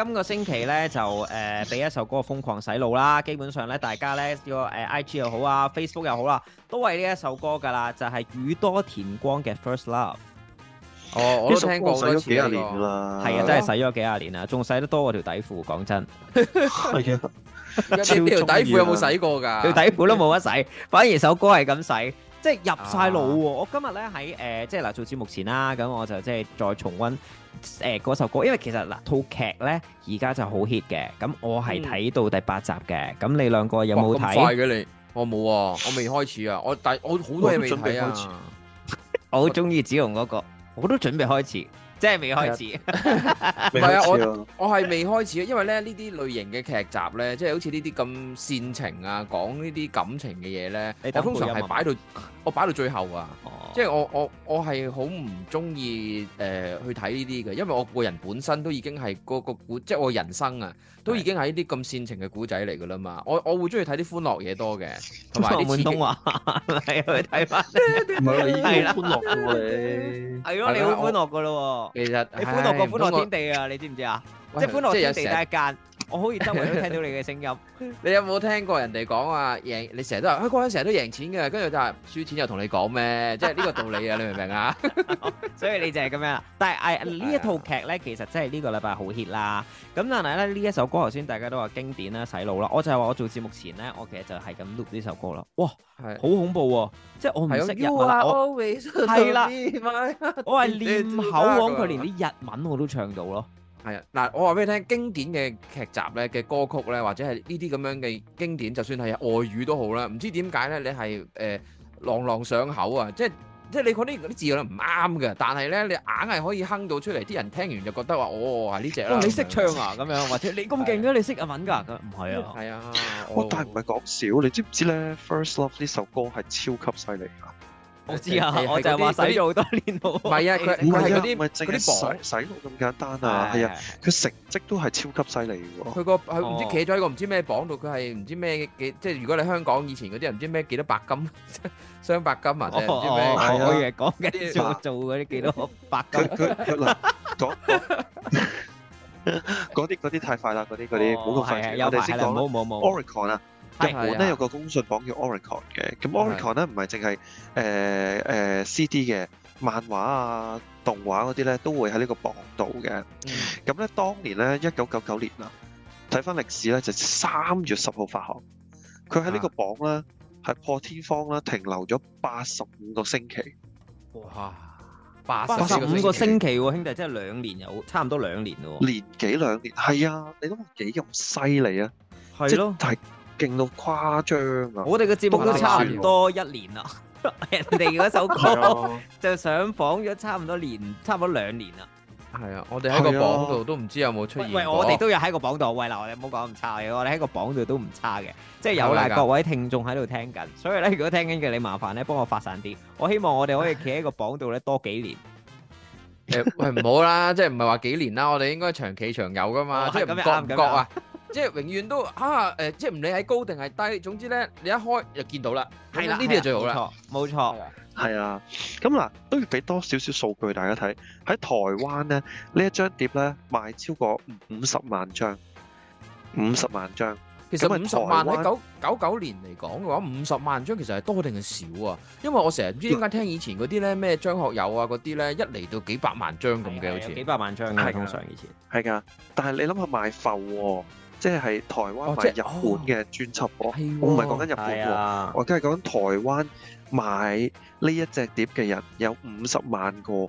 今個星期咧就誒俾一首歌瘋狂洗腦啦，基本上咧大家咧要誒 IG 又好啊，Facebook 又好啦，都係呢一首歌噶啦，就係宇多田光嘅 First Love。哦，我都聽過洗咗幾廿年噶啦，係啊，真係洗咗幾廿年啦，仲洗得多我條底褲，講真。你條底褲有冇洗過噶？條底褲都冇乜洗，反而首歌係咁洗。即係入晒腦喎！啊、我今日咧喺誒，即係嗱、呃，做節目前啦，咁我就即係再重温誒嗰首歌，因為其實嗱套、呃、劇咧而家就好 hit 嘅，咁我係睇到第八集嘅，咁你兩個有冇睇？快嘅、啊、你？我冇啊，我未開始啊，我但係我好多嘢未睇啊，我好中意紫紅嗰個，我都準備開始。 我即係未開始 是，唔係啊！ 我我係未開始，因為咧呢啲類型嘅劇集咧，即係好似呢啲咁煽情啊，講呢啲感情嘅嘢咧，等我通常係擺到、嗯、我擺到最後啊！即係我我我係好唔中意誒去睇呢啲嘅，因為我個人本身都已經係、嗰個個即係我人生啊，都已經係呢啲咁煽情嘅古仔嚟㗎啦嘛，我我會中意睇啲歡樂嘢多嘅，同埋啲詞，東華嚟去睇翻，係啦，歡樂嘅，係咯，你好歡樂㗎咯喎，其實你歡樂過歡樂天地啊？你知唔知啊？即係歡樂天地得一間。我可以周圍都聽到你嘅聲音。你有冇聽過人哋講啊？贏你成日都話啊，香港人成日都贏錢嘅，跟住就係輸錢又同你講咩？即係呢個道理啊！你明唔明啊？所以你就係咁樣。但係呢一套劇咧，其實真係呢個禮拜好 hit 啦。咁但係咧，呢一首歌頭先大家都話經典啦、洗腦啦。我就係話我做節目前咧，我其實就係咁錄呢首歌咯。哇，好恐怖喎！即係我唔識日，我係練口講佢，連啲日文我都唱到咯。係啊，嗱，我話俾你聽，經典嘅劇集咧嘅歌曲咧，或者係呢啲咁樣嘅經典，就算係外語都好啦，唔知點解咧，你係誒朗朗上口啊，即係即係你嗰啲啲字又唔啱嘅，但係咧你硬係可以哼到出嚟，啲人聽完就覺得話哦係呢隻，哇你識唱啊咁樣，或者你咁勁嘅你識日文㗎，唔係啊，係啊，哇但係唔係講笑，你知唔知咧？First Love 呢首歌係超級犀利嘅。我知啊，我就係話洗咗好多年腦。唔係啊，佢唔係嗰啲，佢啲榜洗腦咁簡單啊。係啊，佢成績都係超級犀利喎。佢個佢唔知企咗喺個唔知咩榜度，佢係唔知咩幾，即係如果你香港以前嗰啲唔知咩幾多白金雙白金啊，即係唔知咩。係啊，講嘅做做嗰啲幾多白金。佢佢嗱嗰嗰啲嗰啲太快啦，嗰啲嗰啲股票快，我哋係冇冇冇。日本咧有個公信榜叫 Oricon 嘅，咁 Oricon 咧唔係淨係誒誒 CD 嘅漫畫啊、動畫嗰啲咧都會喺呢個榜度嘅。咁咧當年咧一九九九年啦，睇翻歷史咧就三月十號發行，佢喺呢個榜咧係破天荒啦，停留咗八十五個星期。哇！八十五個星期喎，兄弟真係兩年有差唔多兩年咯。年幾兩年？係啊，你諗下幾咁犀利啊！係咯，但係。勁到誇張啊！我哋個節目都差唔多一年啦， 人哋嗰首歌就上榜咗差唔多年， 差唔多兩年啦。係啊，我哋喺個榜度都唔知有冇出現喂。喂，我哋都有喺個榜度。喂，嗱，我哋唔好講咁差，我哋喺個榜度都唔差嘅，即係有賴各位聽眾喺度聽緊。所以咧，如果聽緊嘅，你麻煩咧，幫我發散啲。我希望我哋可以企喺個榜度咧多幾年。誒， 喂，唔好啦，即係唔係話幾年啦，我哋應該長期長有噶嘛，哇即係唔覺唔覺啊？ 即係永遠都嚇，誒，即係唔理係高定係低，總之咧，你一開就見到啦。係啦，呢啲係最好啦。冇錯，冇錯，係啊。咁嗱，都要俾多少少數據大家睇。喺台灣咧，呢一張碟咧賣超過五十萬張，五十萬張。其實五十萬喺九九九年嚟講嘅話，五十萬張其實係多定係少啊？因為我成日唔知點解聽以前嗰啲咧，咩張學友啊嗰啲咧，一嚟到幾百萬張咁嘅，好似幾百萬張係通常以前係㗎。但係你諗下賣埠喎。即係台灣或者日本嘅專輯，我我唔係講緊日本喎，我梗係講緊台灣買呢一隻碟嘅人有五十萬個，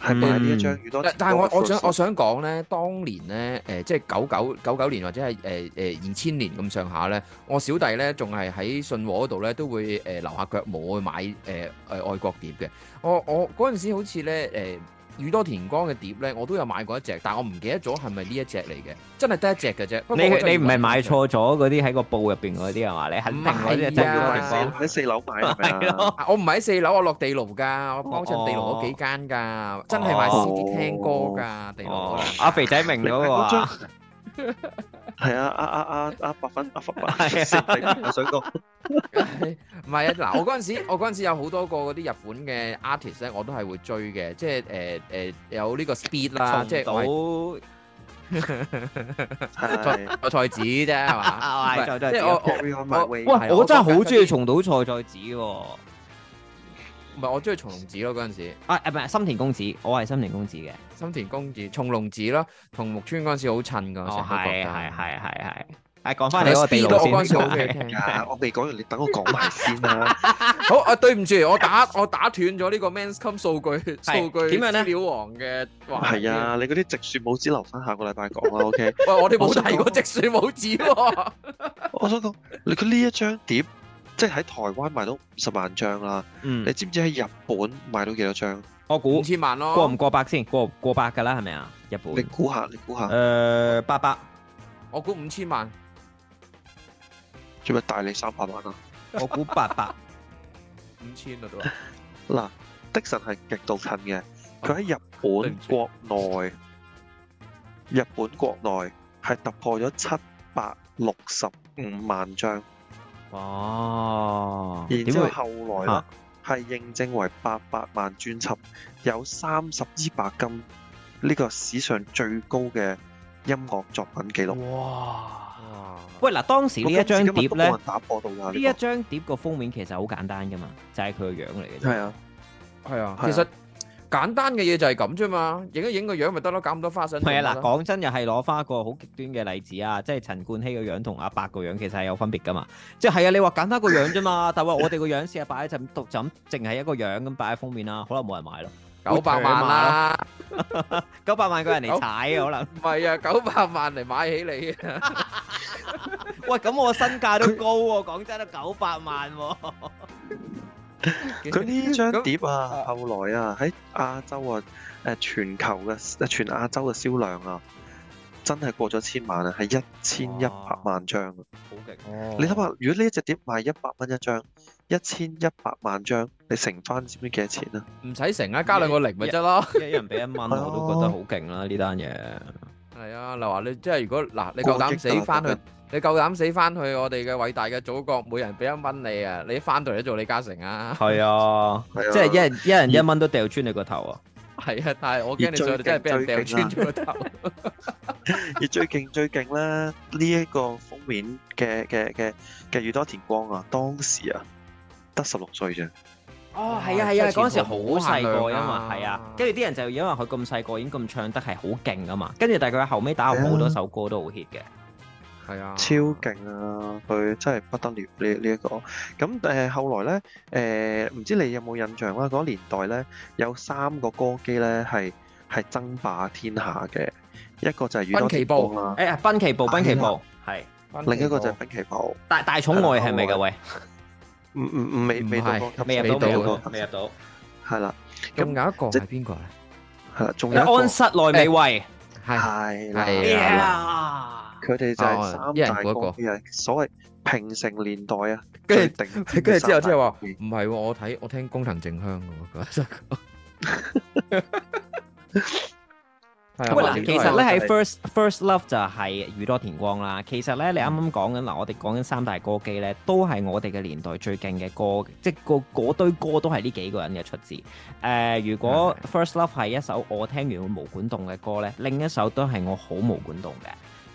係買呢一張最多。但係我我想我想講咧，當年咧，誒即係九九九九年或者係誒誒二千年咁上下咧，我小弟咧仲係喺信和嗰度咧都會誒留下腳毛去買誒誒愛國碟嘅。我我嗰陣時好似咧誒。宇多田光嘅碟咧，我都有買過一隻，但係我唔記得咗係咪呢一隻嚟嘅，真係得一，你一,一隻嘅啫。你你唔係買錯咗嗰啲喺個布入邊嗰啲係嘛？你肯定嗰啲啊！喺四、啊、樓買係、啊、我唔喺四樓，我落地牢㗎，我幫襯地牢嗰幾間㗎，哦、真係買 CD 聽歌㗎，哦、地牢。阿、哦啊、肥仔明咗 係啊！啊啊啊啊，阿百分阿分百，食定我唔係啊！嗱，我嗰陣時，我嗰陣時有好多個嗰啲日本嘅 artist 咧，我都係會追嘅，即係誒誒有呢個 speed 啦，即係松嶋菜菜子啫，係嘛？即係我我，我真係好中意松嶋菜菜子。唔係我中意松隆子咯，嗰陣時啊，唔係心田公子，我係心田公子嘅。心田公子，松隆子咯，同木村嗰陣時好襯噶。哦，係係係係係。誒，講翻你個地路線先。我未講完，你等我講埋先啦。好，誒，對唔住，我打我打斷咗呢個 Men’s Come 數據數據資料王嘅。係啊，你嗰啲直樹舞子留翻下個禮拜講啦，OK。喂，我哋冇睇過直樹舞子。我想講，你佢呢一張碟。即係喺台灣賣到五十萬張啦，你知唔知喺日本賣到幾多張？我估五千萬咯，過唔過百先？過過百㗎啦，係咪啊？日本，你估下，你估下。誒，八百，我估五千萬。做乜大你三百萬啊？我估八百，五千啊都。嗱，的確係極度近嘅，佢喺日本國內，日本國內係突破咗七百六十五萬張。哦，然之後後來咧，係認證為八百萬專輯，有三十支白金，呢、這個史上最高嘅音樂作品記錄。哇！喂，嗱，當時呢一張碟咧，呢一張碟個封面其實好簡單噶嘛，就係佢個樣嚟嘅。係啊，係啊，啊其實。簡單嘅嘢就係咁啫嘛，影一影個樣咪得咯，搞咁多花臣。係啊，嗱，講真又係攞翻一個好極端嘅例子啊，即係陳冠希個樣同阿伯個樣其實係有分別噶嘛。即係係啊，你話簡單個樣啫嘛，但係我哋個樣試下擺喺度就咁淨係一個樣咁擺喺封面啦，可能冇人買咯。九百萬啦，九百萬個人嚟踩啊，可能。唔係啊，九百萬嚟買起你啊。喂，咁我身價都高喎，講真都，九百萬喎。佢呢 張碟啊，後來啊喺亞洲啊，誒，全球嘅，全亞洲嘅銷量1，啊，真係過咗千萬啊，係一千一百萬張，好勁！你諗下，如果呢一隻碟賣一百蚊一張，一千一百萬張，你乘翻知唔知幾錢啊？唔使成啊，加兩個零咪得咯，一 人俾一蚊，我都覺得好勁啦呢單嘢。係啊，嗱話，你即係如果嗱，你夠膽死翻佢？你夠膽死翻去我哋嘅偉大嘅祖國，每人俾一蚊你啊！你翻到嚟都做李嘉誠啊！係啊，即係一人一人一蚊都掉穿你個頭啊！係啊，但係我驚你真係俾人掉穿咗個頭。而最勁最勁啦！呢一個封面嘅嘅嘅嘅宇多田光啊，當時啊得十六歲啫。哦，係啊係啊，嗰陣時好細個啊嘛，係啊，跟住啲人就因為佢咁細個已經咁唱得係好勁啊嘛，跟住但係佢後尾打下好多首歌都好 hit 嘅。係啊，超勁啊！佢真係不得了呢呢一個。咁誒，後來咧，誒，唔知你有冇印象啊？嗰年代咧，有三個歌姬咧，係係爭霸天下嘅。一個就係宇多田光，誒，濱崎步，濱崎步係。另一個就係濱崎步。大大寵愛係咪噶喂？唔唔唔，未未入到，未入到，未入到，係啦。咁有一個即係邊個咧？係啦，仲有安室奈美惠，係係係啊。佢哋就係三大歌姬，哦、個所謂平成年代啊，跟住定，跟住之後即係話唔係喎，我睇我聽工藤靜香嘅喎，係啊，其實咧喺 First First Love 就係宇多田光啦。其實咧你啱啱講緊嗱，我哋講緊三大歌姬咧，都係我哋嘅年代最勁嘅歌，即係個嗰堆歌都係呢幾個人嘅出自。誒、呃，如果 First Love 係一首我聽完冇管動嘅歌咧，另一首都係我好冇管動嘅。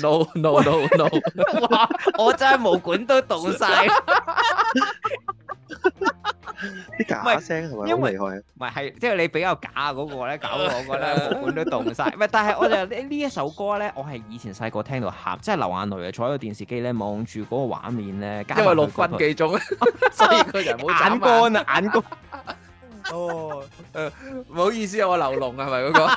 no no no no，哇，我真係毛管都凍晒，你假聲係咪咁厲害？唔係係，即係你比較假嗰個咧，搞到我覺得毛管都凍晒。唔係，但係我就呢呢一首歌咧，我係以前細個聽到喊，即係流眼淚啊！坐喺個電視機咧，望住嗰個畫面咧，因為六分幾鐘，所以個人冇眼乾啊，眼乾。哦，誒，唔好意思，我流龍係咪嗰個？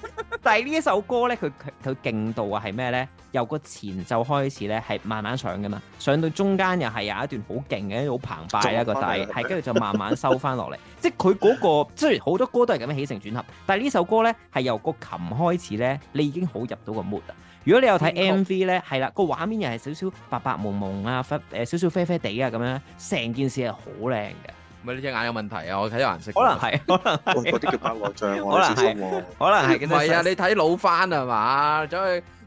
但係呢一首歌咧，佢佢勁度啊係咩咧？由個前奏開始咧，係慢慢上噶嘛，上到中間又係有一段好勁嘅，好澎湃一個 底，係跟住就慢慢收翻落嚟。 即係佢嗰個雖然好多歌都係咁樣起承轉合，但係呢首歌咧係由個琴開始咧，你已經好入到個 mood 啦。如果你有睇 MV 咧，係啦個畫面又係少少白白蒙蒙啊，誒少少啡啡地啊，咁樣成件事係好靚嘅。唔係你隻眼有問題啊！我睇有顏色，可能係，可能嗰啲叫白內障，我小心喎。可能係，唔係啊！你睇老翻啊嘛！走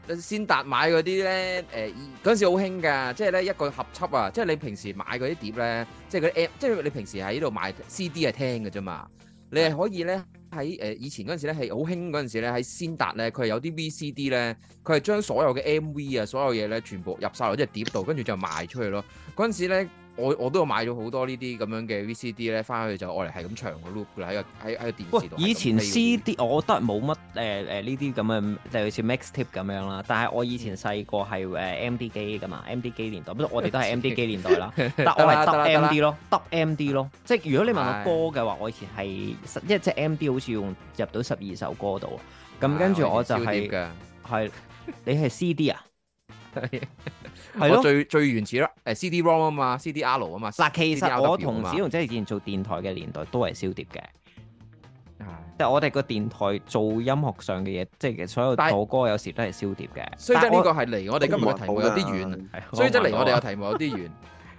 去先達買嗰啲咧，誒嗰陣時好興㗎，即係咧一個合輯啊！即係你平時買嗰啲碟咧，即係嗰啲 app，即係你平時喺呢度買 CD 係聽㗎啫嘛！你係可以咧喺誒以前嗰陣時咧係好興，嗰陣時咧喺先達咧，佢係有啲 VCD 咧，佢係將所有嘅 MV 啊所有嘢咧全部入晒落啲碟度，跟住就賣出去咯。嗰陣時咧。我我都有買咗好多這這呢啲咁樣嘅 VCD 咧，翻去就愛嚟係咁唱個 loop 噶喺個喺喺個電視度。喂，以前 CD 我覺得冇乜誒誒呢啲咁嘅，就、呃、好、呃、似 mixtape 咁樣啦。但係我以前細個係誒 MD 機噶嘛、嗯、MD 機年代，不如我哋都係 MD 機年代啦。 但我係得 MD 咯，得 MD 咯、咯。即係如果你問我歌嘅話，我以前係，因為隻 MD 好似用入到十二首歌度。咁跟住我就係、是、係、啊、你係 CD 啊？ 係咯，最最原始啦，誒、呃、CD-ROM 啊嘛，CD-R 啊嘛。嗱，其實我同紫龍仔以前做電台嘅年代都係燒碟嘅，啊、但係我哋個電台做音樂上嘅嘢，即係所有播歌有時都係燒碟嘅。所以即係呢個係離我哋今日嘅題目有啲遠，所以即係離我哋嘅題目有啲遠。嗯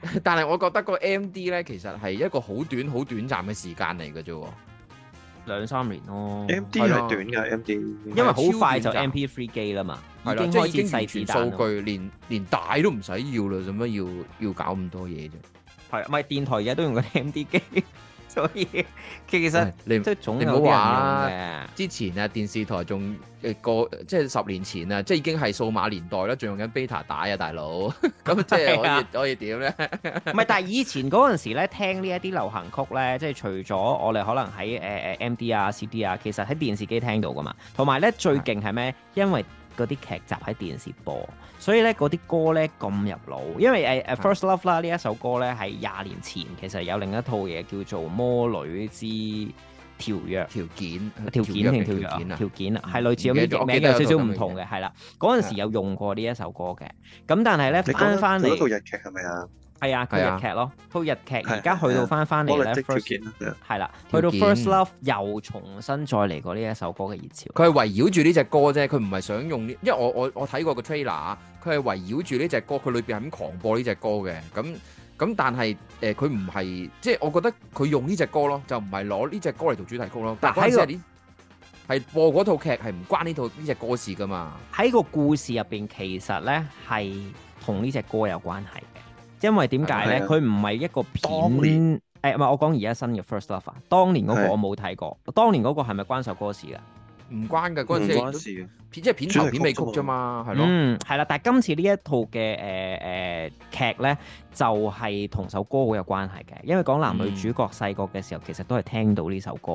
嗯嗯、但係我覺得個 MD 咧，其實係一個好短、好短暫嘅時間嚟嘅啫。兩三年咯，M D 係短㗎，M D 因為好快就 M P three 機啦嘛，了已經開始細傳數據，連連大都唔使要啦，做乜要要搞咁多嘢啫？係啊，唔係電台而家都用緊 M D 機。所以 其實你即係總你唔好話之前啊，電視台仲誒過即係十年前啊，即係已經係數碼年代啦，仲用緊 Beta 打啊，大佬。咁 即係可以是、啊、可以點咧？唔 係，但係以前嗰陣時咧，聽呢一啲流行曲咧，即係除咗我哋可能喺誒誒 MD 啊、CD 啊，其實喺電視機聽到噶嘛。同埋咧，最勁係咩？因為嗰啲劇集喺電視播，所以咧，嗰啲歌咧咁入腦，因為誒誒《First Love》啦，呢一首歌咧係廿年前，其實有另一套嘢叫做《魔女之條約》，條件條件條件啊，條件啊，係、啊、類似咁嘅名，有少少唔同嘅，係啦，嗰陣時有用過呢一首歌嘅。咁但係咧翻翻嚟套日劇係咪啊？係啊，佢日劇咯，套日劇。而家去到返返嚟咧，係啦，去到 First Love 又重新再嚟過呢一首歌嘅熱潮。佢係圍繞住呢隻歌啫，佢唔係想用呢，因為我我我睇過個 trailer，佢係圍繞住呢隻歌，佢裡邊係咁狂播呢隻歌嘅。咁咁，但係誒，佢唔係，即係我覺得佢用呢隻歌咯，就唔係攞呢隻歌嚟做主題曲咯。但喺個係播嗰套劇係唔關呢套呢隻歌事㗎嘛？喺個故事入邊，其實咧係同呢隻歌有關係。因為點解咧？佢唔係一個片誒，唔係年、欸、我講而家新嘅《First Love》。當年嗰個我冇睇過，啊、當年嗰個係咪關首歌事噶？唔關噶，嗰陣時片即係片頭片尾曲啫嘛，係咯。嗯，係啦、啊。但係今次呢一套嘅誒誒劇咧，就係、是、同首歌好有關係嘅，因為講男女主角細個嘅時候，其實都係聽到呢首歌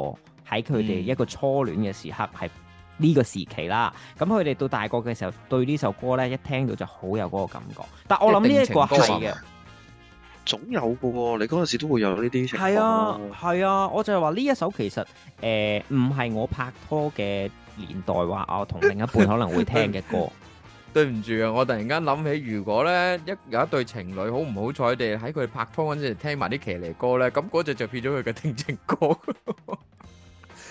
喺佢哋一個初戀嘅時刻，係呢個時期啦。咁佢哋到大個嘅時候，對呢首歌咧一聽到就好有嗰個感覺。但我諗呢一個係嘅。嗯總有嘅喎，你嗰陣時都會有呢啲情況。係啊，係啊，我就係話呢一首其實誒唔係我拍拖嘅年代話，我同另一半可能會聽嘅歌。 對唔住啊，我突然間諗起，如果咧一有一對情侶好唔好彩地喺佢拍拖嗰陣時聽埋啲騎呢歌咧，咁嗰隻就變咗佢嘅定情歌。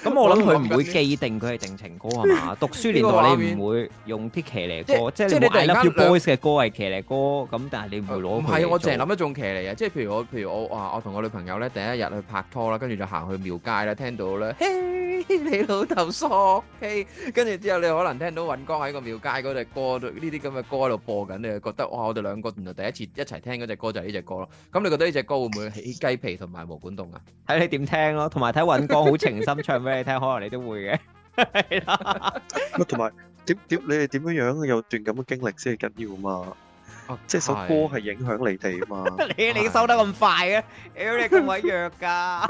咁、嗯、我諗佢唔會既定佢係定情歌係嘛？ 讀書年代你唔會用啲騎呢歌， 即係你買啦叫 boys 嘅兩歌係騎呢歌，咁、嗯、但係你唔會攞。唔係我淨係諗一種騎呢啊，即係譬如我譬如我啊，我同我女朋友咧第一日去拍拖啦，跟住就行去廟街啦，聽到咧，嘿、hey, 你老豆傻，嘿、hey，跟住之後你可能聽到尹光喺個廟街嗰隻歌呢啲咁嘅歌喺度播緊，你就覺得，哇，我哋兩個原來第一次一齊聽嗰隻歌就係呢隻歌咯。咁、嗯、你覺得呢隻歌會唔會起雞皮同埋毛管動啊？睇你點聽咯，同埋睇尹光好情深唱。 俾你聽，可能你都會嘅。咁啊，同埋點點你哋點樣樣有段咁嘅經歷先係緊要啊嘛？啊，即係首歌係影響你哋啊嘛？你你收得咁快啊？屌你咁鬼弱噶！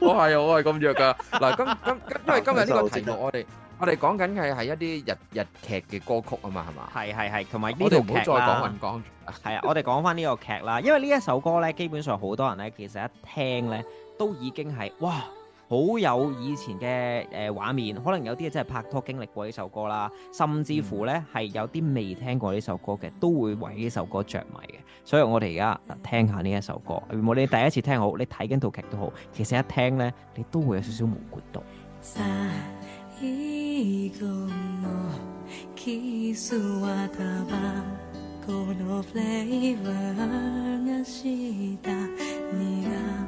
我係我係咁弱噶。嗱，今今今因為今日呢個題目，我哋我哋講緊嘅係一啲日日劇嘅歌曲啊嘛，係嘛？係係係，同埋呢度唔好再講啊。係啊，我哋講翻呢個劇啦，因為呢一首歌咧，基本上好多人咧，其實一聽咧都已經係哇～好有以前嘅誒畫面，可能有啲嘢真係拍拖經歷過呢首歌啦，甚至乎咧係有啲未聽過呢首歌嘅，都會為呢首歌着迷嘅。所以我哋而家聽下呢一首歌，如果你第一次聽好，你睇緊套劇都好，其實一聽咧，你都會有少少無冠動。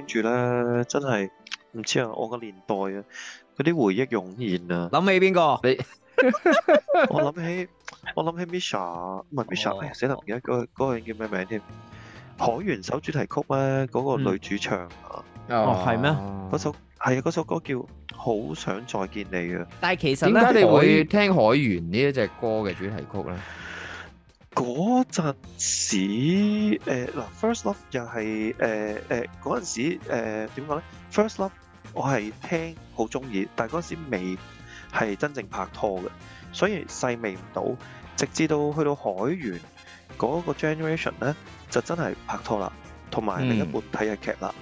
跟住咧，真係唔知啊！我個年代啊，嗰啲回憶湧現啊！諗起邊個？你我諗起，我諗起 Misha，唔係 Misha，死唔記得嗰個嗰個人叫咩名添？《海猿》首主題曲咩？嗰個女主唱啊？哦，係咩？嗰首係啊，嗰首歌叫《好想再見你》啊！但係其實點解你會聽《海猿》呢一隻歌嘅主題曲咧？嗰陣時，嗱、呃、First Love 又係誒誒嗰陣時，誒點講咧？First Love 我係聽好中意，但嗰陣時未係真正拍拖嘅，所以細味唔到。直至到去到海猿嗰個 generation 咧，就真係拍拖啦，同埋另一部睇日劇啦，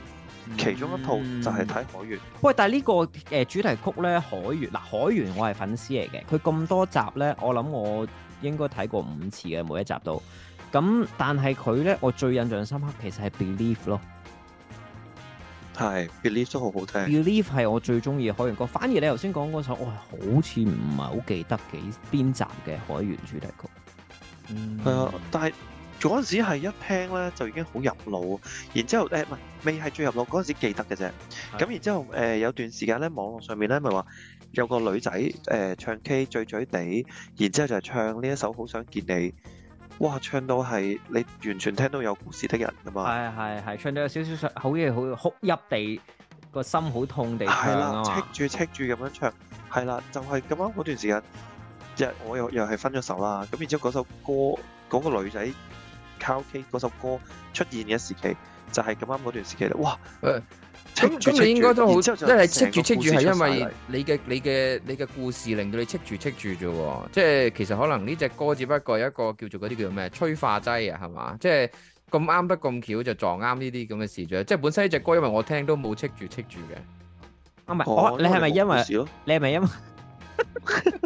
嗯、其中一套就係睇海猿。嗯、喂，但係呢個誒主題曲咧，海猿，嗱、呃、海猿我係粉絲嚟嘅，佢咁多集咧，我諗我。應該睇過五次嘅，每一集都。咁但係佢咧，我最印象深刻其實係 Believe 咯，係 Believe 都好好聽。Believe 係我最中意嘅海洋歌，反而你頭先講嗰首，我係好似唔係好記得幾邊集嘅海洋主題曲。嗯，係啊，但係嗰陣時係一聽咧，就已經好入腦，然之後誒唔係未係最入腦嗰陣時記得嘅啫，咁的然之後誒、呃、有段時間咧，網絡上面咧咪話，就是有個女仔，誒、呃、唱 K 醉醉地，然之後就係唱呢一首《好想見你》。哇，唱到係你完全聽到有故事的人㗎嘛？係係係，唱到有少少好嘢好哭泣地，個心好痛地唱。係啦，戚住戚住咁樣唱。係啦，就係咁啱嗰段時間，即係我又又係分咗手啦。咁然之後嗰首歌，嗰、嗰個女仔靠 K 嗰首歌出現嘅時期，就係咁啱嗰段時期啦。哇！哎咁咁你應該都好，即係戚住戚住係因為你嘅你嘅你嘅故事令到你戚住戚住啫喎，即係其實可能呢隻歌只不過一個叫做嗰啲叫咩催化劑啊，係嘛？即係咁啱得咁巧就撞啱呢啲咁嘅事啫，即係本身呢隻歌因為我聽都冇戚住戚住嘅，唔係、啊，你係咪因為你係咪因為？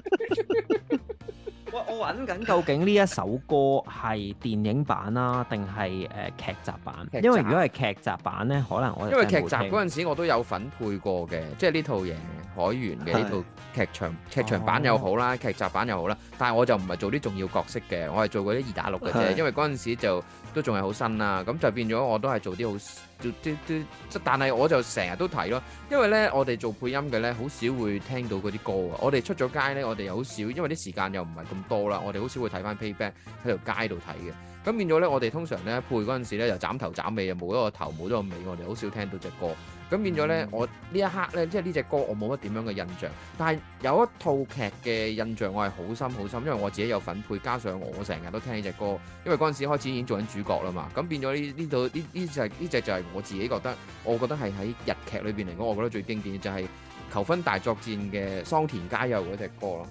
我揾緊究竟呢一首歌係電影版啦、啊，定係誒劇集版？因為如果係劇集版呢，可能我因為劇集嗰陣時我都有份配過嘅，即係呢套嘢海綿嘅呢套劇場劇場版又好啦，哦、劇集版又好啦。但係我就唔係做啲重要角色嘅，我係做過啲二打六嘅啫。的因為嗰陣時就都仲係好新啦、啊，咁就變咗我都係做啲好。就但係我就成日都睇咯，因為咧我哋做配音嘅咧，好少會聽到嗰啲歌啊！我哋出咗街咧，我哋又好少，因為啲時間又唔係咁多啦，我哋好少會睇翻 Payback 喺條街度睇嘅。咁變咗咧，我哋通常咧配嗰陣時咧，就斬頭斬尾，又冇咗個頭，冇咗個尾，我哋好少聽到隻歌。咁變咗咧，我呢一刻咧，即係呢隻歌我冇乜點樣嘅印象，但係有一套劇嘅印象我係好深好深，因為我自己有粉配，加上我成日都聽呢隻歌，因為嗰陣時開始已經做緊主角啦嘛。咁變咗呢呢度呢呢隻呢隻就係我自己覺得，我覺得係喺日劇裏邊嚟講，我覺得最經典嘅就係、是、求婚大作戰嘅桑田佳佑嗰隻歌咯。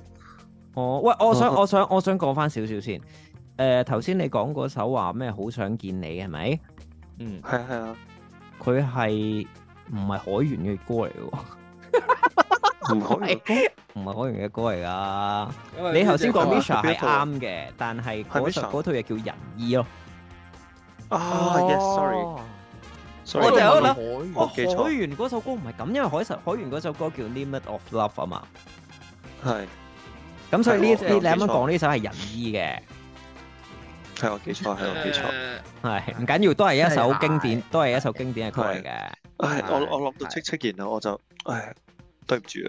哦，喂，我想我想我想講返少少先。誒、呃，頭先你講嗰首話咩？好想見你係咪？嗯，係啊係啊，佢係。唔係海源嘅歌嚟嘅，唔係海源嘅歌，唔係海源嘅歌嚟噶。你頭先講 Misha 係啱嘅，但係海實嗰套嘢叫仁醫咯。啊，yes，sorry，sorry，我就有諗，我記錯。海源嗰首歌唔係咁，因為海實海源嗰首歌叫 Limit of Love 啊嘛。係。咁所以呢啲，你啱啱講呢首係仁醫嘅。係我記錯，係我記錯。係唔緊要，都係一首經典，都係一首經典嘅歌嚟嘅。唉，我我落到七七件啦，我就唉對唔住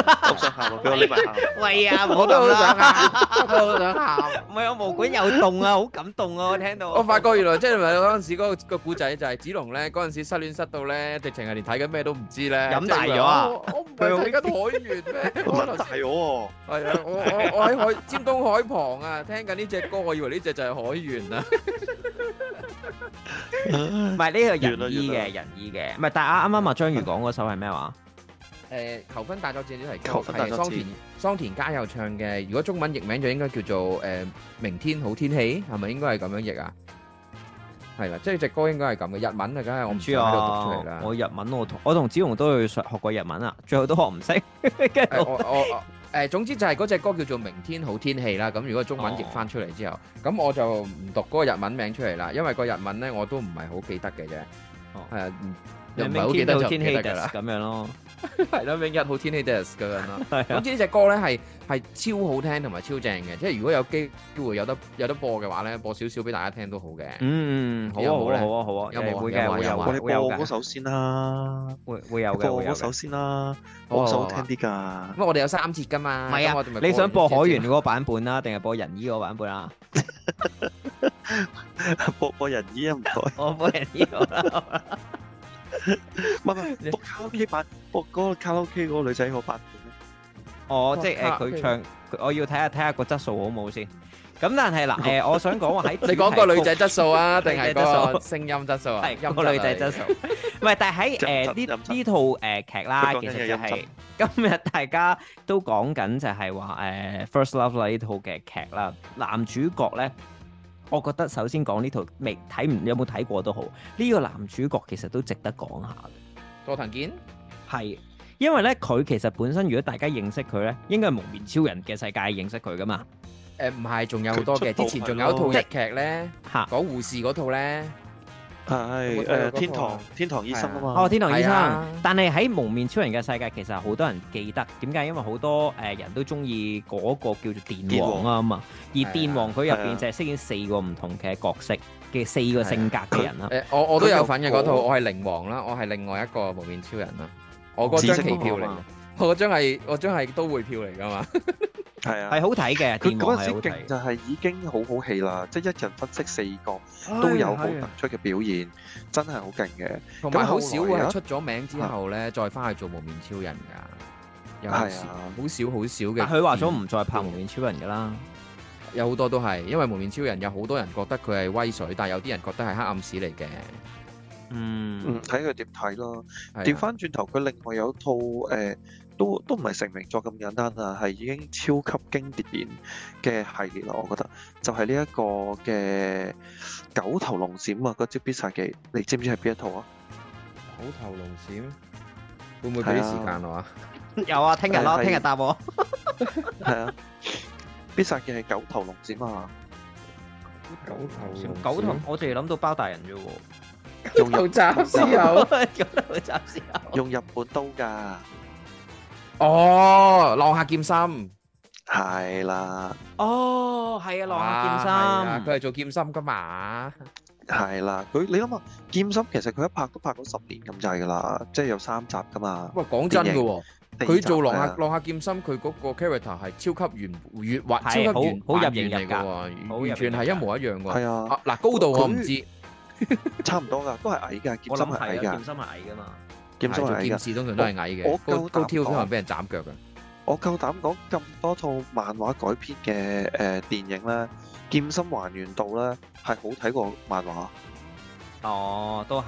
啊，我想喊咯，俾我匿埋下。喂啊，我都好想喊，我都好想喊。唔係，我毛管又動啊，好感動啊，我聽到。我發覺原來即係嗰陣時嗰個個古仔就係子龍咧，嗰陣時失戀失到咧，直情係連睇緊咩都唔知咧。飲大咗啊！我唔係我依家海員咩？可能大咗喎。係啊，我我我喺海尖東海旁啊，聽緊呢隻歌，我以為呢隻就係海員啊。唔係呢個仁義嘅仁義嘅，唔係。但係啱啱阿章魚講嗰首係咩話？誒，求婚大作戰都係，係桑田桑田佳祐唱嘅。如果中文譯名就應該叫做誒，明天好天氣，係咪應該係咁樣譯啊？係啦，即係隻歌應該係咁嘅。日文啊，梗係我唔知啊。讀出嚟啦，我日文我同我同紫龍都去學過日文啊，最後都學唔識，跟住我我。誒總之就係嗰隻歌叫做《明天好天氣》啦，咁如果中文譯返出嚟之後，咁、哦、我就唔讀嗰個日文名出嚟啦，因為個日文咧我都唔係好記得嘅啫，係啊、哦呃，又唔係好記得就唔記得啦，咁樣咯。係啦，明日好天氣です咁樣啦。總之呢隻歌咧係係超好聽同埋超正嘅，即係如果有機機會有得有得播嘅話咧，播少少俾大家聽都好嘅。嗯，好啊，好啊，好啊，好啊，會嘅，會有，會播嗰首先啦，會會有嘅，播嗰首先啦，播首好聽啲噶。乜我哋有三節噶嘛？唔係啊，你想播海源嗰個版本啊，定係播仁醫嗰個版本啊？播播仁醫唔該。我播仁醫好啦。乜係唔係，呵呵卡拉 OK 版，我嗰個卡拉 OK 嗰個女仔好發嘅。哦，即係誒，佢、呃、唱，我要睇下睇下個質素好唔好先。咁但係啦，誒、呃 呃，我想講話喺你講個女仔質素啊，定係嗰個聲音質素啊？係是、啊、個女仔質素。唔係現在， 但係喺誒呢呢套誒劇啦，其實就係、是、今日大家都講緊就係話誒 First Love 啦呢套嘅劇啦，男主角咧。我覺得首先講呢套未睇唔有冇睇過都好，呢、這個男主角其實都值得講下。佐藤健係，因為咧佢其實本身如果大家認識佢咧，應該係《幪面超人》嘅世界認識佢噶嘛。誒唔係，仲有好多嘅，出之前仲有一套，的一套劇咧，嚇講護士嗰套咧。啊係誒 天堂天堂醫生啊嘛。哦，天堂醫生。 但係喺蒙面超人嘅世界，其實好多人記得點解？因為好多誒人都中意嗰個叫做電王啊嘛。王而電王佢入邊就係飾演四個唔同嘅角色嘅四個性格嘅人啦。誒、 呃，我我都有份嘅嗰套，我係靈王啦，我係另外一個蒙面超人啦。我嗰張期票嚟，我嗰張係我張係都會票嚟噶嘛。 係啊，係好睇嘅。佢嗰陣時勁就係已經好好戲啦，即係一人分飾四角都有好突出嘅表現，真係好勁嘅。咁埋好少嘅，出咗名之後咧，再翻去做幪面超人噶，又係啊，好少好少嘅。佢話咗唔再拍幪面超人噶啦，有好多都係，因為幪面超人有好多人覺得佢係威水，但係有啲人覺得係黑暗史嚟嘅。嗯，睇佢點睇咯。調翻轉頭，佢另外有套誒。哎都都唔係成名作咁簡單啊，係已經超級經典嘅系列啦。我覺得就係呢一個嘅九頭龍閃啊，嗰隻必殺技，你知唔知係邊一套啊？九頭龍閃會唔會俾啲時間啊？有啊，聽日咯，聽日答我。係啊，必殺技係九頭龍閃啊。九頭九頭，我淨係諗到包大人啫。九頭斬師友，九頭斬師友，用日本刀㗎。哦，浪客劍心，係啦。哦，係啊，浪客劍心，佢係做劍心噶嘛？係啦，佢你諗下劍心，其實，佢一拍都拍咗十年咁滯噶啦，即係有三集噶嘛。喂，講真噶喎，佢做浪客浪客劍心，佢嗰個 character 係超級圓圓滑，超級好入型嚟噶喎，完全係一模一樣喎。係啊，嗱高度我唔知，差唔多噶，都係矮噶，劍心係矮噶。劍心係矮噶嘛？係做劍士通常都係矮嘅，高高挑都可能俾人斬腳嘅。我夠膽講咁說多套漫畫改編嘅誒、呃、電影咧，劍心還原度咧係好睇過漫畫。哦，都係，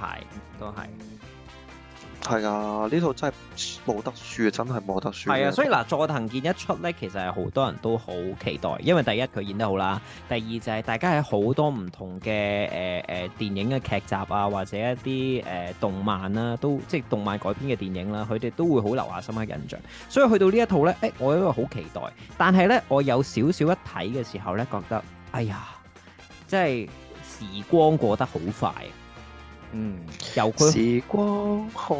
都係。係啊，呢套真係冇得輸啊，真係冇得輸。係啊，所以嗱，《佐藤健》一出咧，其實係好多人都好期待，因為第一佢演得好啦，第二就係大家喺好多唔同嘅、誒誒電影嘅劇集啊，或者一啲誒、呃、動漫啦、啊，都即係動漫改編嘅電影啦、啊，佢哋都會好留下深刻印象。所以去到呢一套咧，誒，我因為好期待，但係咧，我有少少一睇嘅時候咧，覺得哎呀，即係時光過得好快。嗯，時光可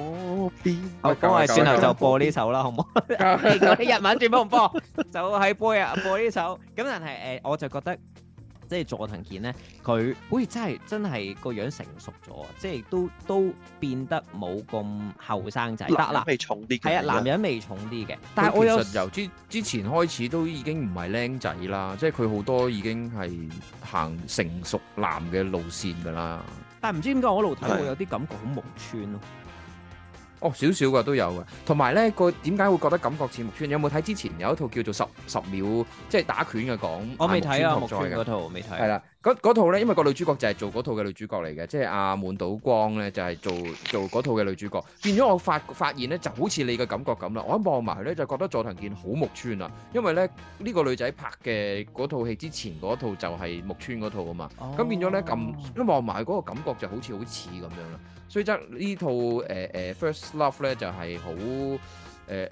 變。我咁啊，最後就播呢首啦，好唔好？嗰啲日文轉播唔播？就喺播啊播呢首。咁但係誒，我就覺得即係佐藤健咧，佢好似真係真係個樣成熟咗，即係都都變得冇咁後生仔得啦，味重啲係啊，男人味重啲嘅。但係我其實由之之前開始都已經唔係僆仔啦，即係佢好多已經係行成熟男嘅路線㗎啦。但係唔知點解我一路睇會有啲感覺好木村咯，哦少少㗎都有嘅，同埋呢個點解會覺得感覺似木村？有冇睇之前有一套叫做十十秒即係打拳嘅講？我未睇啊，木村嗰套未睇啊，係啦。嗰套咧，因為個女主角就係做嗰套嘅女主角嚟嘅，即係阿、啊、滿島光咧就係、是、做做嗰套嘅女主角，變咗我發發現咧就好似你嘅感覺咁啦。我一望埋佢咧就覺得佐藤健好木村啊，因為咧呢、這個女仔拍嘅嗰套戲之前嗰套就係木村嗰套啊嘛，咁、哦、變咗咧咁，一望埋嗰個感覺就好似好似咁樣啦。所以則呢套誒誒、呃呃、First Love 咧就係好誒誒，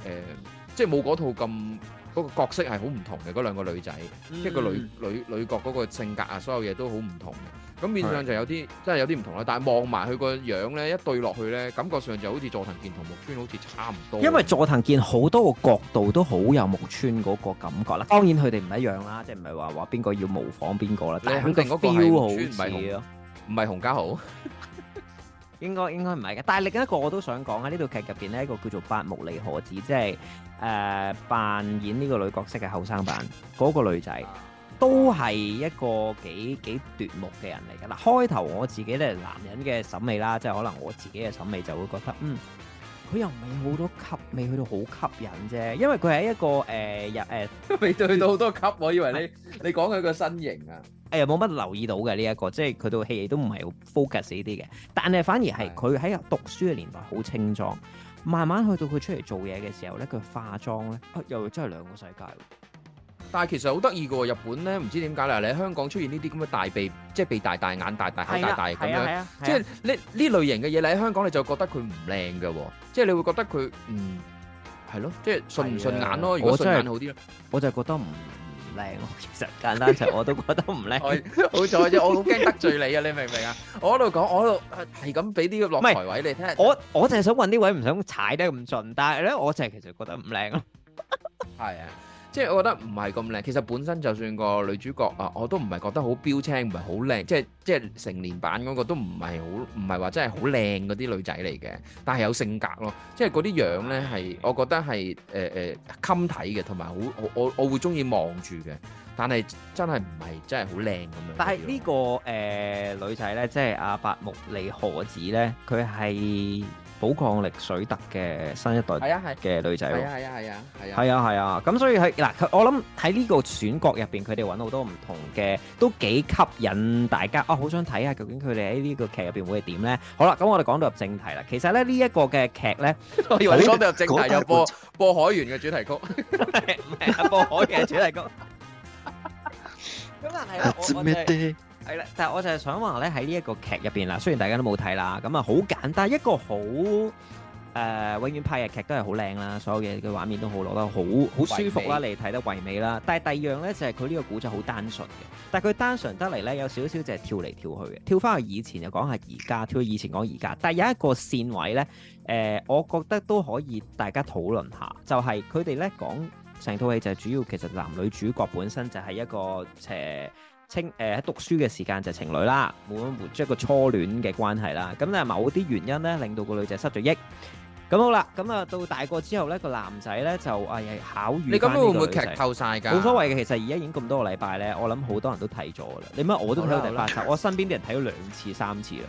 即係冇嗰套咁。嗰個角色係好唔同嘅，嗰兩個女仔，即係個女女女角嗰個性格啊，所有嘢都好唔同嘅。咁面上就有啲真係有啲唔同啦，但係望埋佢個樣咧，一對落去咧，感覺上就好似佐藤健同木村好似差唔多。因為佐藤健好多個角度都好有木村嗰個感覺啦，當然佢哋唔一樣啦，即係唔係話話邊個要模仿邊個啦。但係佢個 feel 好似咯，唔係熊家豪，應該應該唔係嘅。但係另一個我都想講喺呢套劇入邊咧，一個叫做八木莉可子，即係。誒、呃、扮演呢個女角色嘅後生版嗰、嗰個女仔，都係一個幾幾奪目嘅人嚟㗎。嗱，開頭我自己咧，男人嘅審美啦，即係可能我自己嘅審美就會覺得，嗯，佢又唔係好多級，未去到好吸引啫。因為佢係一個誒日誒未對到好多級，我以為你 你講佢個身形啊，又冇乜留意到嘅呢一個，即係佢套戲都唔係好 focus 呢啲嘅，但係反而係佢喺讀書嘅年代好清壯。慢慢去到佢出嚟做嘢嘅時候咧，佢化妝咧，啊又真係兩個世界喎！但係其實好得意嘅喎，日本咧唔知點解啦。你喺香港出現呢啲咁嘅大鼻，即係鼻大大、眼大大、口大大咁樣，即係呢呢類型嘅嘢，你喺香港你就覺得佢唔靚嘅喎，即係你會覺得佢唔係咯，即係、嗯、順唔順眼咯？如果順眼好啲咧，我就係覺得唔靚，其實簡單就我都覺得唔靚， 好彩啫，我好驚得罪你啊！你明唔明啊？是聽聽我喺度講，我喺度係咁俾啲落台位你聽，我我淨係想搵啲位，唔想踩得咁盡，但係咧，我淨係其實覺得唔靚咯，係啊。即係我覺得唔係咁靚，其實本身就算個女主角啊，我都唔係覺得好標青，唔係好靚，即係即係成年版嗰個都唔係好，唔係話真係好靚嗰啲女仔嚟嘅，但係有性格咯。即係嗰啲樣咧係，我覺得係誒誒襟睇嘅，同埋好我我我會中意望住嘅，但係真係唔係真係好靚咁樣。但係、這個呃、呢個誒女仔咧，即係阿、啊、白木里可子咧，佢係。保抗力水特嘅新一代，係啊係嘅女仔，係啊係啊係啊係啊係啊，咁所以佢嗱，我諗喺呢個選角入邊，佢哋揾好多唔同嘅，都幾吸引大家啊！好想睇下究竟佢哋喺呢個劇入邊會係點咧。好啦，咁我哋講到入正題啦。其實咧呢一個嘅劇咧，我以為你講到入正題有播播海員嘅主題曲，唔係啊，播海嘅主題曲。咁但係，黐咩啲？係啦，但係我就係想話咧，喺呢一個劇入邊啦，雖然大家都冇睇啦，咁啊好簡單，一個好誒、呃，永遠拍嘅劇都係好靚啦，所有嘢嘅畫面都好攞得好好舒服啦，唯美。你睇得唯美啦。但係第二樣咧就係佢呢個故仔好單純嘅，但係佢單純得嚟咧有少少就係跳嚟跳去嘅，跳翻去以前就講下而家，跳去以前講而家。但係有一個線位咧，誒、呃，我覺得都可以大家討論下，就係佢哋咧講成套戲就係主要其實男女主角本身就係一個誒。呃清誒喺、呃、讀書嘅時間就情侶啦，冇活，即係個初戀嘅關係啦。咁你係某啲原因咧，令到個女仔失咗憶。咁好啦，咁啊到大個之後咧個男仔咧就誒考完。你咁會唔會劇透晒㗎？冇所謂嘅，其實而家已經咁多個禮拜咧，我諗好多人都睇咗啦。你乜我都睇到第八集，我身邊啲人睇咗兩次三次啦。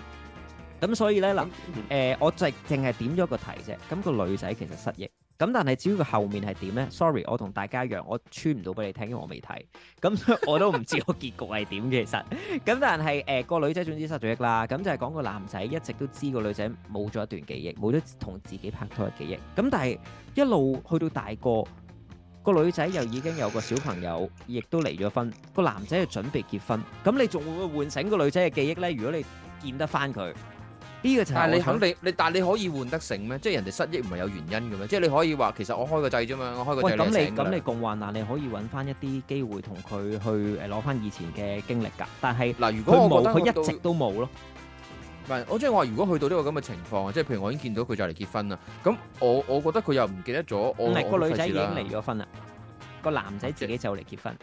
咁所以咧嗱誒，我就淨係點咗個題啫。咁、個女仔其實失憶。咁但係至於佢後面係點呢？Sorry 我同大家一樣，我穿唔到俾你聽，因為我未睇，咁 我都唔知個結局係點其實。咁 但係誒、呃，個女仔總之失咗憶啦，咁就係講個男仔一直都知個女仔冇咗一段記憶，冇咗同自己拍拖嘅記憶。咁但係一路去到大個，個女仔又已經有個小朋友，亦都離咗婚，個男仔又準備結婚。咁你仲會唔會喚醒個女仔嘅記憶呢？如果你見得翻佢？呢個就係，但你肯定你，你，但係你可以換得成咩？即係人哋失憶唔係有原因嘅咩？即係你可以話其實我開個掣啫嘛，我開個掣咁你咁你，你共患難，你可以揾翻一啲機會同佢去誒攞翻以前嘅經歷㗎。但係嗱，如果我覺得佢一直都冇咯。唔係，我即係話如果去到呢個咁嘅情況，即係譬如我已經見到佢就嚟結婚啦。咁我我覺得佢又唔記得咗。唔係、嗯那個女仔已經離咗婚啦，嗯、個男仔自己就嚟結婚，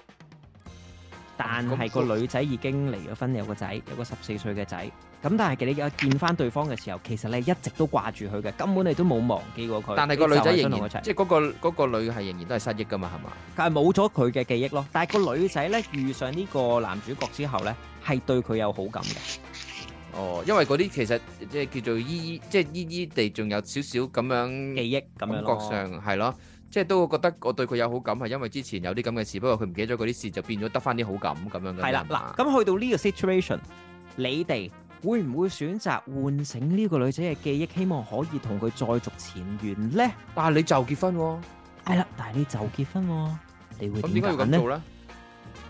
但係個女仔已經離咗婚，有個仔，有個十四歲嘅仔。咁但係，你又見翻對方嘅時候，其實你一直都掛住佢嘅，根本你都冇忘記過佢。但係個女仔仍然即係嗰個嗰個女係仍然都係失憶噶嘛，係嘛？但係冇咗佢嘅記憶咯。但係個女仔咧遇上呢個男主角之後咧，係對佢有好感嘅。哦，因為嗰啲其實即係叫做依依，即係依依地，仲有少少咁樣記憶咁樣。感覺上係咯，即係都會覺得我對佢有好感，係因為之前有啲咁嘅事，不過佢唔記得咗嗰啲事，就變咗得翻啲好感咁樣嘅。係啦，嗱，咁去到呢個 situation，你哋。會唔會選擇喚醒呢個女仔嘅記憶，希望可以同佢再續前緣咧？但係你就結婚，係啦、哎，但係你就結婚，你會點解要咁做咧？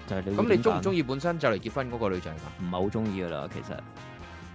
就係你咁你中唔中意本身就嚟結婚嗰個女仔噶唔係好中意噶啦，其實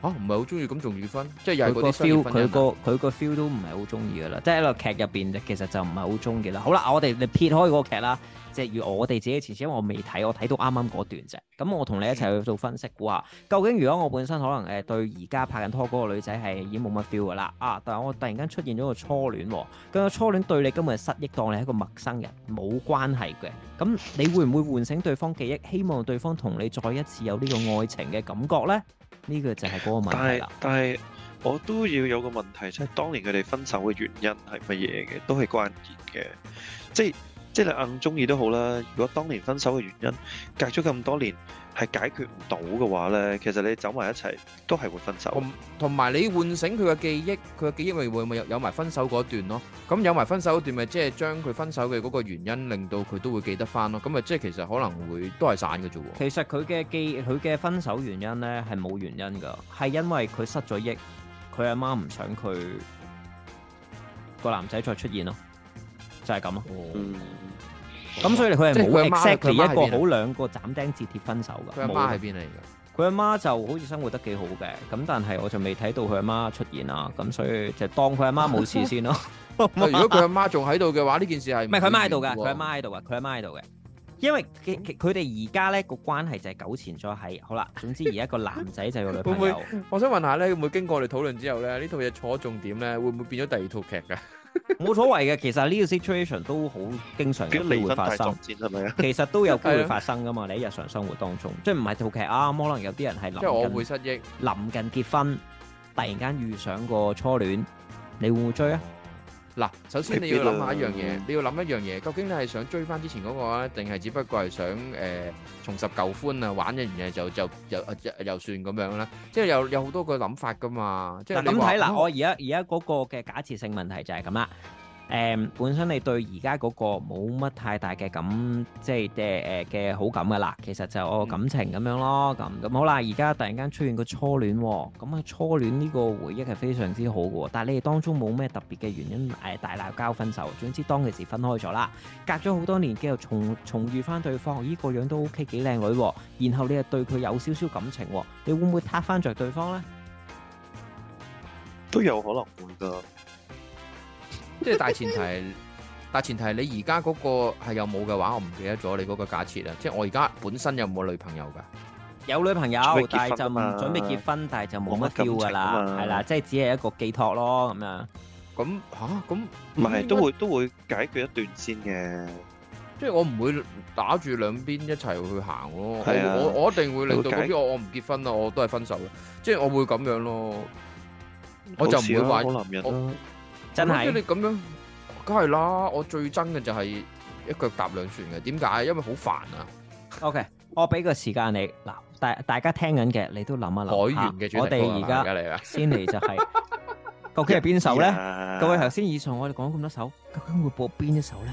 吓唔係好中意，咁仲結婚？即係佢個 feel，佢個佢個 feel 都唔係好中意噶啦，即係喺個劇入邊，其實就唔係好中意啦。好啦，我哋嚟撇開嗰個劇啦。即如我哋自己前次，因為我未睇，我睇到啱啱嗰段啫。咁我同你一齊去做分析，估下究竟如果我本身可能誒對而家拍緊拖嗰個女仔係已經冇乜 feel 噶啦啊！但係我突然間出現咗個初戀、哦，咁、嗰個初戀對你根本係失憶，當你係一個陌生人冇關係嘅。咁你會唔會喚醒對方記憶？希望對方同你再一次有呢個愛情嘅感覺呢？呢、呢個就係嗰個問題。但係但係我都要有個問題，即、就、係、是、當年佢哋分手嘅原因係乜嘢嘅？都係關鍵嘅，即係。即係你硬中意，都好啦。如果當年分手嘅原因隔咗咁多年係解決唔到嘅話咧，其實你走埋一齊都係會分手。同埋你喚醒佢嘅記憶，佢嘅記憶咪會唔會有有埋分手嗰段咯？咁有埋分手嗰段咪即係將佢分手嘅嗰個原因，令到佢都會記得翻咯。咁咪，即係其實可能會都係散嘅啫。其實佢嘅記佢嘅分手原因咧係冇原因噶，係因為佢失咗憶，佢阿媽唔想佢個男仔再出現咯。就係咁咯。嗯，咁所以佢係冇阿媽，佢一個好兩個斬釘截鐵分手噶。佢阿媽喺邊啊？而家佢阿媽就好似生活得幾好嘅，咁但係我就未睇到佢阿媽出現啦。咁所以就當佢阿媽冇事先咯。如果佢阿媽仲喺度嘅話，呢件事係唔係佢媽喺度噶？佢阿媽喺度啊！佢阿媽喺度嘅，因為佢佢哋而家咧個關係就係糾纏咗喺。好啦，總之而家個男仔就係個女朋友。我想問下咧，會唔會經過我哋討論之後咧，呢套嘢錯重點咧，會唔會變咗第二套劇嘅？冇 所謂嘅，其實呢個 situation 都好經常有機會發生，係咪啊？ 其實都有機會發生噶嘛。你喺日常生活當中， 即係唔係套劇啱，可能有啲人係臨近會失憶臨近結婚，突然間遇上個初戀，你會唔會追啊？嗱，首先你要諗下一樣嘢，你要諗一樣嘢，究竟你係想追翻之前嗰個啊，定係只不過係想誒、呃、重拾舊歡啊？玩嘅嘢就就就，就又，又算咁樣啦，即係有有好多個諗法噶嘛，即係你睇嗱，我而家而家嗰個嘅假設性問題就係咁啦。嗯、本身你對而家嗰個冇乜太大嘅感，即係誒誒嘅好感噶啦。其實就我感情咁樣咯。咁、嗯、咁好啦，而家突然間出現個初戀，咁啊初戀呢個回憶係非常之好嘅。但係你哋當中冇咩特別嘅原因誒、呃、大鬧交分手，總之當其時分開咗啦。隔咗好多年，之後重重遇翻對方，依、這個樣都 OK 幾靚女。然後你又對佢有少少感情，你會唔會撻翻着對方呢？都有可能會㗎。即係大前提，大前提你而家嗰個係有冇嘅話，我唔記得咗你嗰個假設啊！即係我而家本身有冇女朋友噶？有女朋友，但係就唔準備結婚，但係就冇乜叫噶啦，係啦，即係只係一個寄託咯咁樣。咁吓咁，唔係都會都會解決一段先嘅。即係我唔會打住兩邊一齊去行咯。我我我一定會令到嗰啲我我唔結婚啊，我都係分手嘅。即係我會咁樣咯。我就唔會話好男人啦。咁即係你咁樣，梗係啦！我最憎嘅就係一腳踏兩船嘅，點解？因為好煩啊！OK，我俾個時間你。嗱，大大家聽緊嘅，你都諗一諗下。改完嘅主角。我哋而家嚟先嚟就係究竟係邊首咧？各位頭先以上我哋講咗咁多首，究竟會播邊一首咧？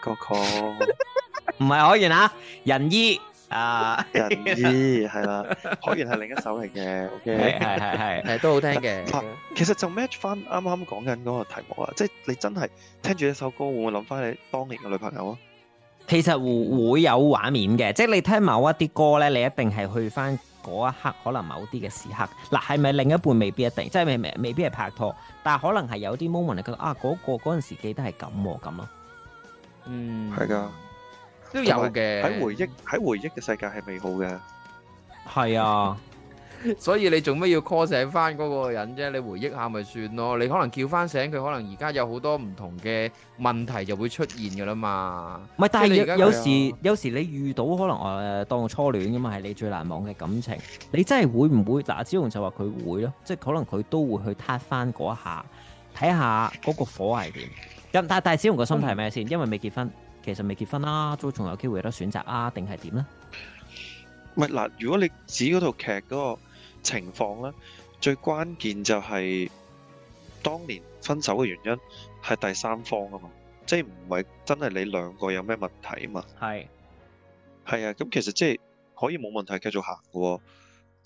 個唔係海源啊，仁醫啊，仁醫係啦，海源係另一首嚟嘅，OK 係係係係都好聽嘅。其實就 match 翻啱啱講緊嗰個題目啦，即係你真係聽住一首歌，會唔會諗翻你當年嘅女朋友啊？其實會會有畫面嘅，即係你聽某一啲歌咧，你一定係去翻嗰一刻，可能某啲嘅時刻。嗱，係咪另一半未必一定，即係未未未必係拍拖，但係可能係有啲 moment 你覺得啊，嗰個嗰陣時記得係咁咁咯。嗯，係噶的，都有嘅。喺回憶，喺回憶嘅世界係美好嘅。係啊， 所以你做咩要 call 醒翻嗰個人啫？你回憶下咪算咯。你可能叫翻醒佢，可能而家有好多唔同嘅問題就會出現噶啦嘛。唔係，但係有有時，有時你遇到可能誒，當初戀噶嘛，係你最難忘嘅感情。你真係會唔會？嗱，阿紫龍就話佢會咯，即係可能佢都會去撻翻嗰一下，睇下嗰個火係點。咁但係小紅個心態係咩先？因為未結婚，其實未結婚啦，都仲有機會有得選擇啊，定係點咧？係嗱，如果你指嗰套劇嗰個情況咧，最關鍵就係當年分手嘅原因係第三方啊嘛，即係唔係真係你兩個有咩問題啊嘛？係，係啊，咁其實即係可以冇問題繼續行嘅。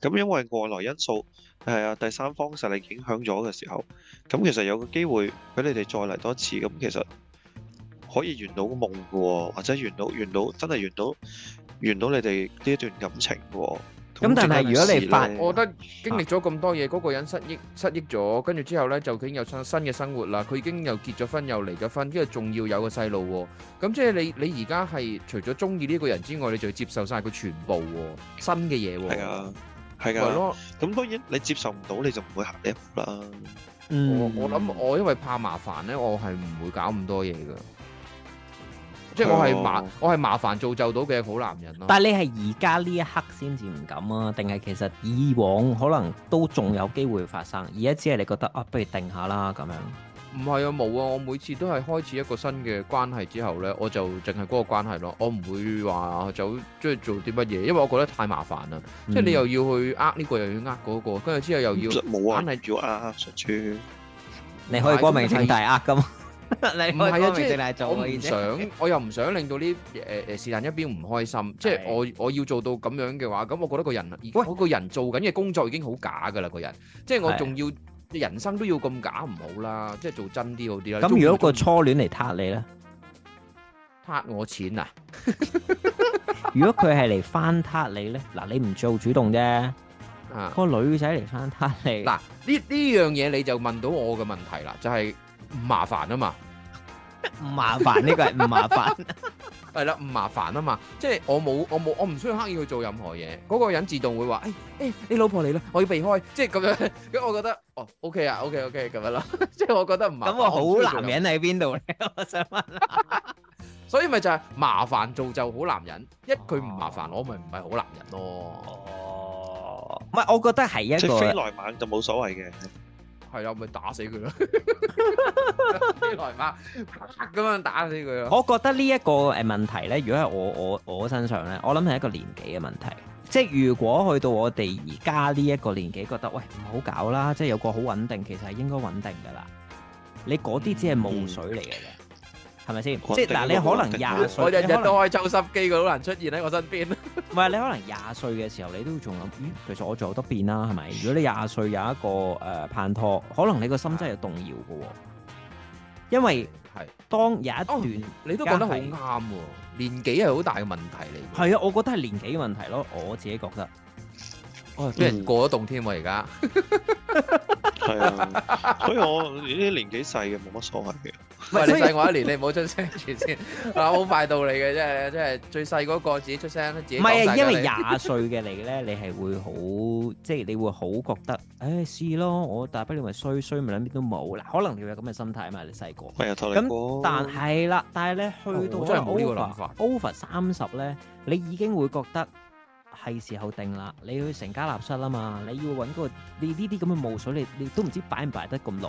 咁因為外來因素係啊，第三方實力影響咗嘅時候，咁其實有個機會俾你哋再嚟多次，咁其實可以圓到個夢嘅，或者圓到圓到真係圓到圓到你哋呢一段感情嘅。咁但係如果你發，我覺得經歷咗咁多嘢，嗰個人失憶失憶咗，跟住之後咧，就已經有新新嘅生活啦，佢已經又結咗婚又離咗婚，跟住仲要有個細路，咁即係你你而家係除咗中意呢個人之外，你就要接受晒佢全部新嘅嘢。係啊。係咯，咁當然你接受唔到，你就唔會行呢一步啦。嗯，我我諗我因為怕麻煩咧，我係唔會搞咁多嘢噶。即係我係麻，的我係麻煩造就到嘅好男人咯、啊。但係你係而家呢一刻先至唔敢啊？定係其實以往可能都仲有機會發生，而家 只係你覺得啊，不如定下啦咁樣。唔係啊，冇啊！我每次都係開始一個新嘅關係之後咧，我就淨係嗰個關係咯。我唔會話走即係做啲乜嘢，因為我覺得太麻煩啦。即係你又要去呃呢個，又要呃嗰個，跟住之後又要關係仲要呃串。你可以光明正大呃㗎，唔係啊！我唔想，我又唔想令到呢誒誒，是但一邊唔開心。即係我我要做到咁樣嘅話，咁我覺得個人，喂，我個人做緊嘅工作已經好假㗎啦，個人。即係我仲要。你人生都要咁假唔好啦，即係做真啲好啲啦。咁如果個初戀嚟撻你咧，撻我錢啊？如果佢係嚟翻撻你咧，嗱你唔做主動啫。個女仔嚟翻撻你，嗱呢呢樣嘢你就問到我嘅問題啦，就係唔麻煩啊嘛，唔麻煩呢個係唔麻煩。係啦，唔麻煩啊嘛，即係我冇我冇我唔需要刻意去做任何嘢，嗰、那個人自動會話，誒、哎、誒、哎，你老婆嚟啦，我要避開，即係咁樣，咁我覺得，哦，OK 啊，OK OK，咁樣咯， 即係我覺得唔麻煩。咁我好男人喺邊度咧？ 我想問。 所以咪就係麻煩做就好男人，一佢唔麻煩，我咪唔係好男人咯。唔係，我覺得係一個。即飛來猛就冇所謂嘅。係啊，咪打死佢咯！來吧，啪咁樣打死佢咯！我覺得呢一個誒問題咧，如果喺我我我身上咧，我諗係一個年紀嘅問題。即係如果去到我哋而家呢一個年紀，覺得喂唔好搞啦，即係有個好穩定，其實係應該穩定㗎喇。你嗰啲只係霧水嚟嘅。嗯係咪先？是是即係嗱，你可能廿歲，我日日都開抽濕機，佢好難出現喺我身邊。唔係，你可能廿歲嘅時候，你都仲諗，咦、嗯？其實我仲有得變啦，係咪？如果你廿歲有一個誒，拍、呃、拖，可能你個心真係動搖㗎。因為係當有一段、哦，你都講得好啱喎，年紀係好大嘅問題嚟。係啊，我覺得係年紀嘅問題咯，我自己覺得。哇！啲人過咗洞添喎，而家係啊，所以我你啲年紀細嘅冇乜所謂嘅。唔係你細我一年，你唔好出聲住先。嗱，好快到你嘅啫，即係最細嗰個自己出聲，自己講曬。唔係，因為廿歲嘅你咧，你係會好，即係你會好覺得，誒，試咯。我大不了咪衰衰，咪兩邊都冇。嗱，可能你有咁嘅心態啊嘛，你細個。係啊，拖你。咁但係啦，但係咧去到 over 三十咧，你已經會覺得。係時候定啦！你要成家立室啦嘛，你要揾個你呢啲咁嘅污水，你，你都唔知擺唔擺得咁耐。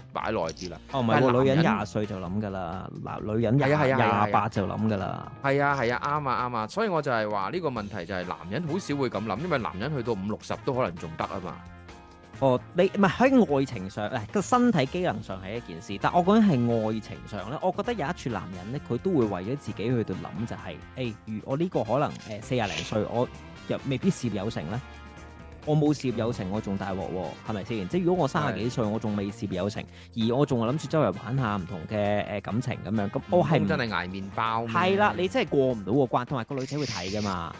擺耐啲啦。哦，唔係男人女人廿歲就諗噶啦，男女人廿八就諗噶啦。係啊係啊，啱啊啱啊。所以我就係話呢個問題就係男人好少會咁諗，因為男人去到五六十都可能仲得啊嘛。哦，你唔係喺愛情上，誒個身體機能上係一件事，但我我講係愛情上咧，我覺得有一撮男人咧，佢都會為咗自己去到諗就係、是，誒、哎、如我呢個可能誒四廿零歲，我又未必事業有成咧。我冇事業友情，我仲大鑊喎，係咪先？即係如果我三十幾歲，是的 我仲未事業友情，而我仲係諗住周圍玩下唔同嘅誒感情咁樣，咁我係真係捱麵包。係啦，你真係過唔到個關，同埋個女仔會睇㗎嘛。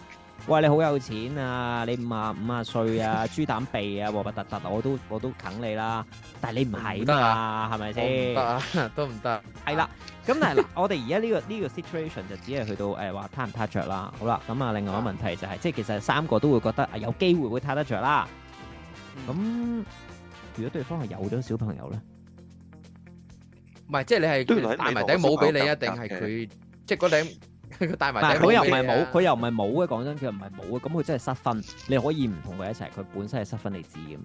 喂，你好有錢啊！你五啊五啊歲啊，豬膽鼻啊，核核突突，我都我都啃你啦！但係你唔係嘛，係咪先？唔得，都唔得。係啦，咁但係嗱，我哋而家呢個呢個 situation 就只係去到誒話攤唔攤著啦。好啦，咁啊，另外一個問題就係，即係其實三個都會覺得啊，有機會會攤得著啦。咁如果對方係有咗小朋友咧，唔係，即係你係戴埋頂帽俾你啊，定係佢即係嗰頂？但係佢又唔係冇，佢 又唔係冇嘅。講真，佢又唔係冇嘅。咁佢真係失婚，你可以唔同佢一齊。佢本身係失婚自，你知嘅。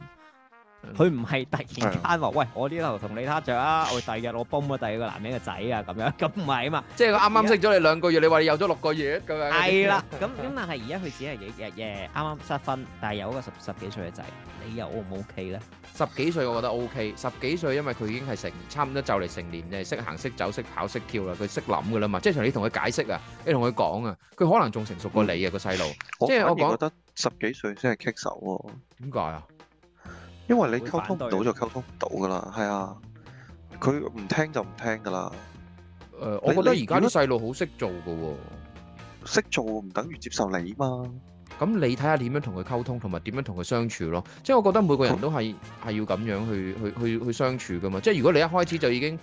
佢唔係突然間話， 喂，我呢頭同你哈著啊！我第日我幫我第二個男人嘅仔啊咁樣。咁唔係啊嘛。即係佢啱啱識咗你兩個月，在你話你有咗六個月咁樣。係啦了。咁咁，但係而家佢只係日日日啱啱失婚，但係有一個十十幾歲嘅仔，你又 O 唔 O K 咧？十幾歲我覺得 O、OK, K，十幾歲因為佢已經係成差唔多就嚟成年，誒識行識走識跑識跳啦，佢識諗噶啦嘛，即係你同佢解釋啊，你同佢講啊，佢可能仲成熟過你啊個細路，嗯、即係我，我覺得十幾歲先係棘手喎，點解啊？為因為你溝通唔到就溝通唔到噶啦，係啊，佢唔聽就唔聽噶啦。誒你、呃，我覺得而家啲細路好識做噶喎、啊，識做唔等於接受你嘛。咁你睇下點樣同佢溝通，同埋點樣同佢相處咯。即係我覺得每個人都係係、嗯、要咁樣去去去去相處噶嘛。即係如果你一開始就已經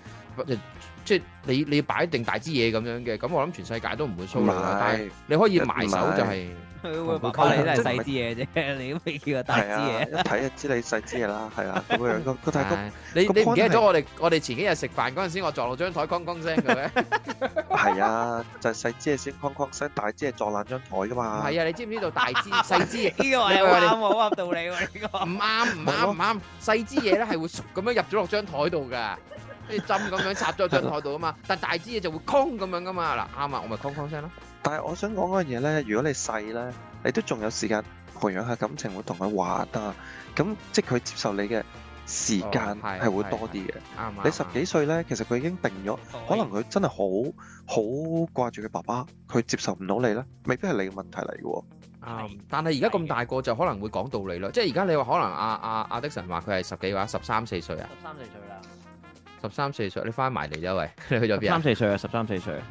即係你你擺定大支嘢咁樣嘅，咁我諗全世界都唔會騷嘅。是但係你可以埋手就係、是。佢冇教你係細支嘢啫，你都未見過大支嘢。一睇就知你細支嘢啦，係啦咁樣。佢佢，大哥，你你唔記得咗我哋我哋前幾日食飯嗰陣時，我撞落張台哐哐聲嘅。咩？係啊，就係細支嘢先哐哐聲，大支嘢撞爛張台噶嘛。係啊，你知唔知道大支細支嘢呢個係啱冇啱道理喎呢個？唔啱唔啱唔啱，細支嘢咧係會咁樣入咗落張台度噶，啲針咁樣插咗落張台度啊嘛。但大支嘢就會空咁樣噶嘛嗱，啱啊，我咪哐哐聲囉。但係我想講嗰樣嘢咧，如果你細咧，你都仲有時間培養下感情，會同佢玩啊。咁即係佢接受你嘅時間係會多啲嘅。啱啊！你十幾歲咧，其實佢已經定咗，可能佢真係好好掛住佢爸爸，佢接受唔到你咧，未必係你嘅問題嚟嘅喎。啱。但係而家咁大個就可能會講道理咯。即係而家你話可能阿阿阿迪臣話佢係十幾話十三四歲啊。十三四歲啦。十三四歲，你翻埋嚟咋喂，你去咗邊？十三四歲啊，十三四歲。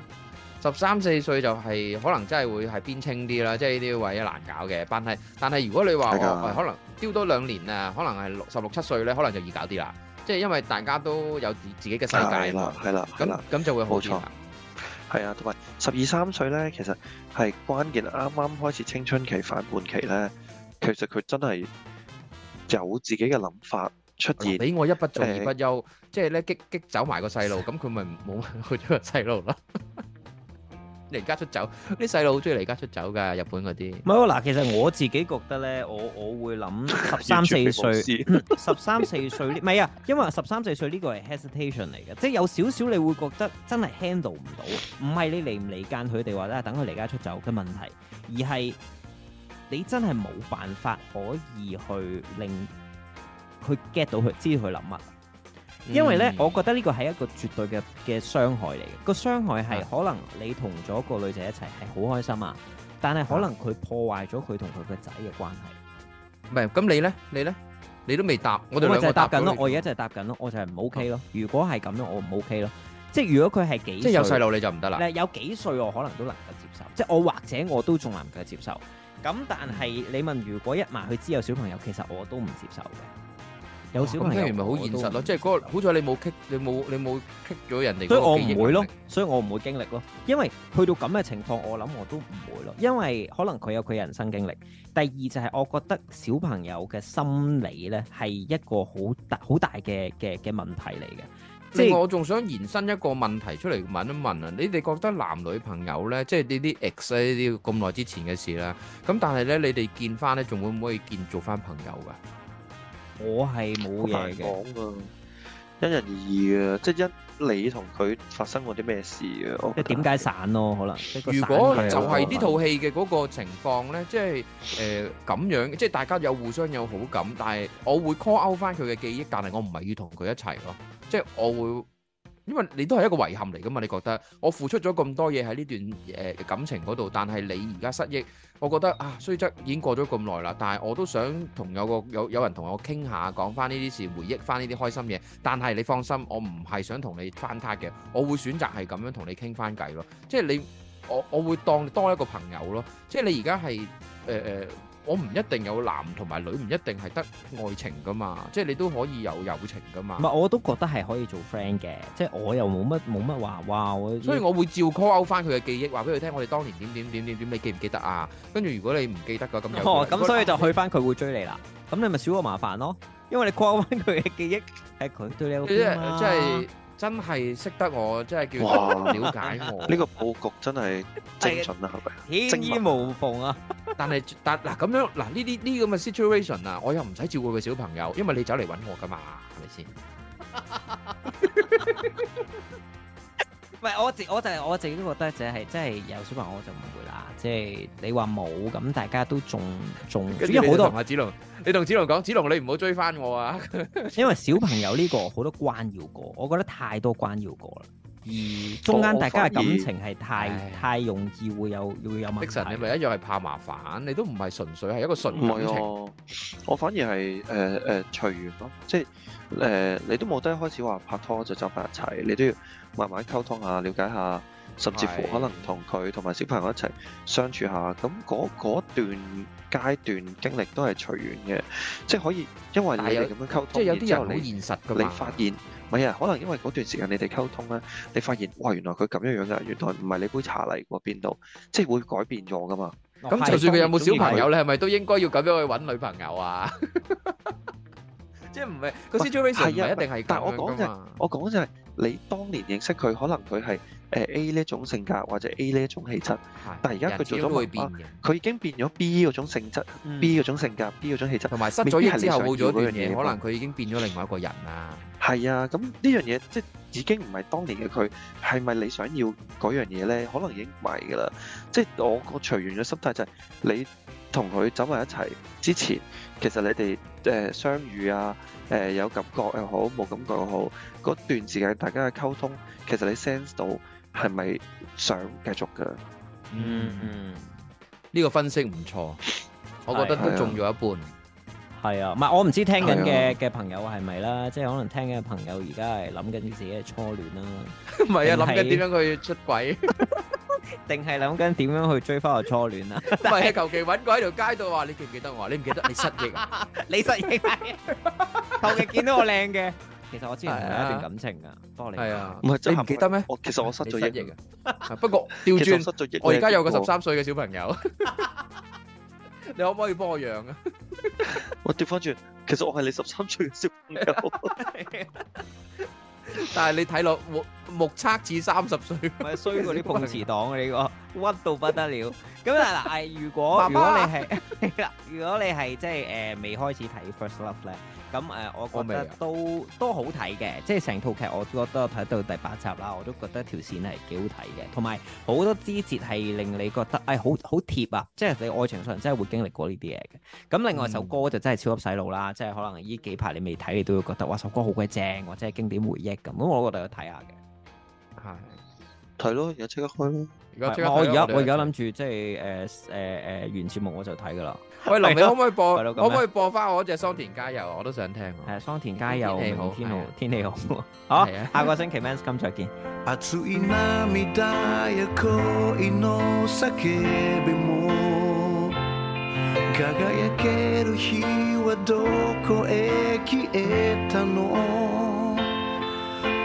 十三四歲就係可能真係會係邊清啲啦，即係呢啲位難搞嘅。但係但係如果你話可能丟多兩年啊，可能係六十六七歲咧，可能就易搞啲啦。即係因為大家都有自己嘅世界，係啦，係啦，咁咁就會好啲。係啊，同埋十二三歲咧，其實係關鍵啱啱開始青春期反叛期咧，其實佢真係有自己嘅諗法出現。俾我一不做二不休，即係咧激激走埋個細路，咁佢咪冇去咗個細路啦。離家出走，啲細路好中意離家出走㗎，日本嗰啲。唔係喎，嗱，其實我自己覺得咧，我我會諗十三四歲，十三四歲呢？唔係 啊，因為十三四歲呢個係 hesitation 嚟嘅，即係有少少你會覺得真係 handle 唔到。唔係你離唔離間佢哋，或者係等佢離家出走嘅問題，而係你真係冇辦法可以去令佢 get 到佢，知佢諗乜。因為咧，我覺得呢個係一個絕對嘅嘅傷害嚟嘅。個傷害係可能你同咗個女仔一齊係好開心啊，但係可能佢破壞咗佢同佢個仔嘅關係。唔係，咁你咧？你咧？你都未答？我哋兩個答緊咯。我而家就係答緊咯。我就係唔 OK 咯。如果係咁樣，我唔 OK 咯。即係如果佢係幾？即係有細路你就唔得啦。有幾歲我可能都能夠接受，即係我或者我都仲能夠接受。咁但係你問如果一埋佢知有小朋友，其實我都唔接受嘅。有小朋友，咪好、哦、現實咯，即係嗰、嗰個、嗯、好彩你冇 kick 你冇你冇咗人哋。所以我唔會咯，所以我唔會經歷咯，因為去到咁嘅情況，我諗我都唔會咯，因為可能佢有佢人生經歷。第二就係我覺得小朋友嘅心理呢係一個好大好大嘅嘅嘅問題嚟嘅。即係我仲想延伸一個問題出嚟問一問啊，你哋覺得男女朋友呢？即係呢啲 ex 呢啲咁耐之前嘅事啦，咁但係呢，你哋見翻呢，仲會唔會見做翻朋友噶？我係冇嘢講嘅，因人而異啊！即係一你同佢發生過啲咩事啊？即係點解散咯？可能如果就係呢套戲嘅嗰個情況咧， 即係誒咁樣，即係大家有互相有好感，但係我會 call out 翻佢嘅記憶，但係我唔係要同佢一齊咯，即係我會。因為你都係一個遺憾嚟㗎嘛，你覺得我付出咗咁多嘢喺呢段誒感情嗰度，但係你而家失憶，我覺得啊，雖則已經過咗咁耐啦，但係我都想同有個有有人同我傾下，講翻呢啲事，回憶翻呢啲開心嘢。但係你放心，我唔係想同你翻撻嘅，我會選擇係咁樣同你傾翻偈咯。即係你，我我會當你多一個朋友咯。即係你而家係誒誒。呃呃我唔一定有男同埋女，唔一定係得愛情噶嘛，即係你都可以有友情噶嘛。唔係我都覺得係可以做 friend 嘅，即係我又冇乜冇乜話話，所以我會照 call 翻佢嘅記憶，話俾佢聽我哋當年點點點點點，你記唔記得啊？跟住如果你唔記得嘅咁就咁，哦、所以就去翻佢會追你啦。咁你咪少個麻煩咯，因為你 call 翻佢嘅記憶，係佢對你好即係。就係就係真係識得我，真係叫了解我。呢哇 個佈局真係精準啊，係咪？天衣無縫啊！ 但係但嗱咁、啊、樣嗱呢啲啲呢咁嘅 situation 啊情況，我又唔使照顧個小朋友，因為你走嚟揾我㗎嘛，係咪先？ 唔係我自，我就係我自己都覺得，就係即係有小朋友我就唔會啦。即係你話冇咁，大家都仲仲，因為好多你同子龍，你同子龍講，子龍你唔好追翻我啊！ 因為小朋友呢個好多關要過，我覺得太多關要過啦。而中間大家嘅感情係太太容易會有會有問題。的神你咪一樣係怕麻煩，你都唔係純粹係一個純感情。我，我反而係誒誒隨緣咯，即係。誒、呃，你都冇得一開始話拍拖就走埋一齊，你都要慢慢溝通下、了解下，甚至乎可能同佢同埋小朋友一齊相處下。咁、那、嗰、個、段階段經歷都係隨緣嘅，即係可以因為你哋咁樣溝通，即係有啲人好現實㗎嘛，你，你發現，唔係啊，可能因為嗰段時間你哋溝通咧，你發現哇，原來佢咁樣樣㗎，原來唔係你杯茶嚟喎邊度，即係會改變咗㗎嘛。咁、哦、就算佢有冇小朋友，你係咪都應該要咁樣去揾女朋友啊？ 即係唔係個 situation 唔一定係，但係我講就，我講就係你當年認識佢，可能佢係誒 A 呢種性格或者 A 呢種氣質，但係而家佢做咗冇啊，佢已經變咗 B 嗰種性質，B 嗰種性格，B 嗰種氣質，同埋失咗憶之後冇咗嗰樣嘢，可能佢已經變咗另外一個人啦。係啊，咁呢樣嘢即係已經唔係當年嘅佢，係咪你想要嗰樣嘢咧？可能已經唔係㗎啦。即係我個隨緣嘅心態就係你同佢走埋一齊之前，其實你哋。誒、呃、相遇啊，誒、呃、有感覺又好，冇感覺又好，嗰段時間大家嘅溝通，其實你 sense 到係咪想繼續嘅、嗯？嗯，呢、這個分析唔錯， 我覺得都中咗一半。係啊，唔係我唔知聽緊嘅嘅朋友係咪啦，即係可能聽緊嘅朋友而家係諗緊自己嘅初戀啦。唔係啊，諗緊點樣去出軌，定係諗緊點樣去追翻個初戀啊？唔係啊，求其揾個喺條街度話，你記唔記得我？你唔記得你失憶？你失憶？求其見到我靚嘅，其實我之前有一段感情噶。係啊，唔係真唔記得咩？我其實我失咗憶，不過調轉，我而家有個十三歲嘅小朋友。你可唔可以幫我養啊？我調翻轉，其實我係你十三歲嘅小朋友， 但係你睇落目，目測似三十歲 咪，衰過啲碰瓷黨啊呢個。屈到不得了。咁啊嗱，如果媽媽如果你係嗱， 如果你係即係誒未開始睇 First Love 咧，咁誒我覺得都都，都好睇嘅。即係成套劇，我覺得睇到第八集啦，我都覺得條線係幾好睇嘅。同埋好多枝節係令你覺得誒好好貼啊！即係你愛情上真係會經歷過呢啲嘢嘅。咁另外、嗯、首歌就真係超級洗腦啦！即係可能呢幾排你未睇，你都會覺得哇首歌好鬼正或者係經典回憶咁。咁我都覺得要睇下嘅，係係咯，又即刻開啦～ 我而家我而家諗住即係誒誒誒原節目我就睇㗎喇。喂，紫龍的可唔可以播？的可唔可以播返我嗰隻桑田加油？我都想聽。誒、呃，桑田加油，天好，明天好，的天氣好，天 氣好。好是的， 下個星期 Men's Come 今朝見。